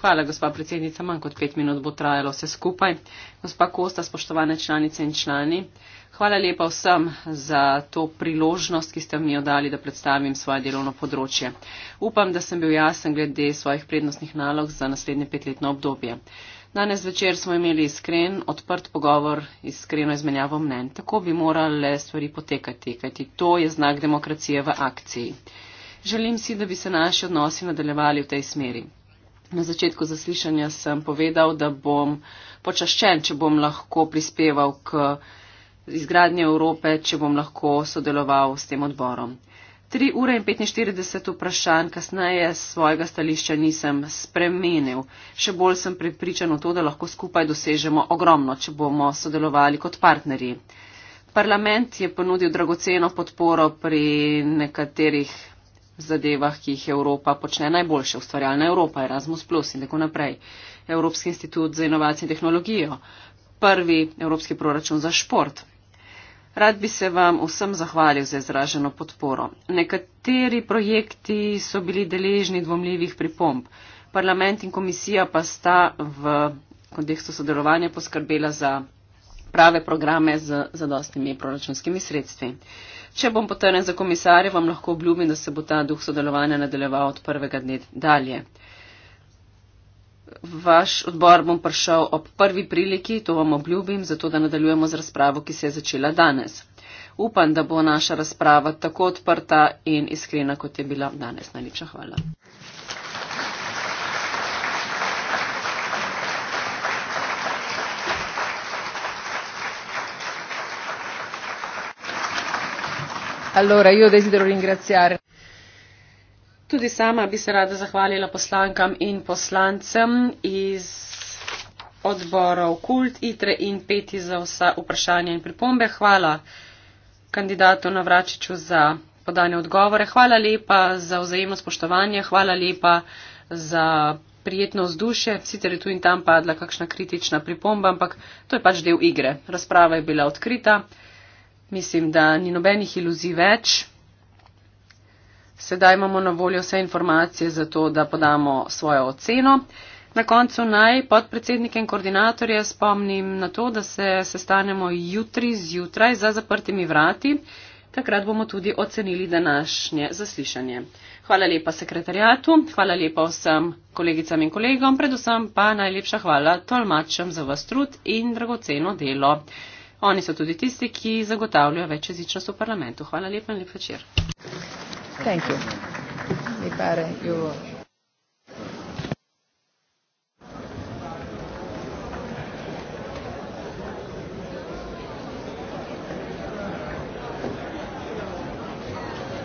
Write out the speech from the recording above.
Hvala, gospa predsednica. Manj kot pet minut bo trajalo vse skupaj. Gospa Kosta, spoštovane članice in člani, hvala lepa vsem za to priložnost, ki ste mi jo dali, da predstavim svoje delovno področje. Upam, da sem bil jasen glede svojih prednostnih nalog za naslednje petletno obdobje. Danes večer smo imeli iskren, odprt pogovor, iskreno izmenjavo mnen. Tako bi morale stvari potekati, kajti to je znak demokracije v akciji. Želim si, da bi se naši odnosi nadaljevali v tej smeri. Na začetku zaslišanja sem povedal, da bom počaščen, če bom lahko prispeval k izgradnji Evrope, če bom lahko sodeloval s tem odborom. 3 ure in 45 vprašanj kasneje svojega stališča nisem spremenil. Še bolj sem prepričan v to, da lahko skupaj dosežemo ogromno, če bomo sodelovali kot partnerji. Parlament je ponudil dragoceno podporo pri nekaterih zadevah, ki jih Evropa počne najboljše, ustvarjalna Evropa, Erasmus Plus in tako naprej, Evropski institut za inovacije in tehnologijo, prvi Evropski proračun za šport. Rad bi se vam vsem zahvalil za izraženo podporo. Nekateri projekti so bili deležni dvomljivih pripomb. Parlament in komisija pa sta v kontekstu sodelovanja poskrbela za prave programe z zadostnimi proračunskimi sredstvi. Če bom potrjen za komisarja, vam lahko obljubim, da se bo ta duh sodelovanja nadaljeval od prvega dne dalje. Vaš odbor bom prišel ob prvi priliki, to vam obljubim, zato da nadaljujemo z razpravo, ki se je začela danes. Upam, da bo naša razprava tako odprta in iskrena, kot je bila danes. Najlepša hvala. allora io desidero ringraziare tutti sama bi se rada zahvalila poslankam in poslancem iz odborov kult itre in peti za vsa vprašanja in pripombe hvala kandidatu Navračiću za podane odgovore. Hvala lepa za vzajemno spoštovanje, hvala lepa za prijetno vzdušje. Sicer je tu in tam padla kakšna kritična pripomba, ampak to je pač del igre. Razprava je bila odkrita. Mislim, da ni nobenih iluzij več. Sedaj imamo na voljo vse informacije za to, da podamo svojo oceno. Na koncu naj podpredsednike in koordinatorje spomnim na to, da se sestanemo jutri zjutraj za zaprtimi vrati. Takrat bomo tudi ocenili današnje zaslišanje. Hvala lepa sekretarjatu, hvala lepa vsem kolegicam in kolegom, predvsem pa najlepša hvala tolmačem za vas trud in dragoceno delo. Oni so tudi tisti, ki zagotavljajo več jezičnost v parlamentu. Hvala lepa in lep večer. Thank you.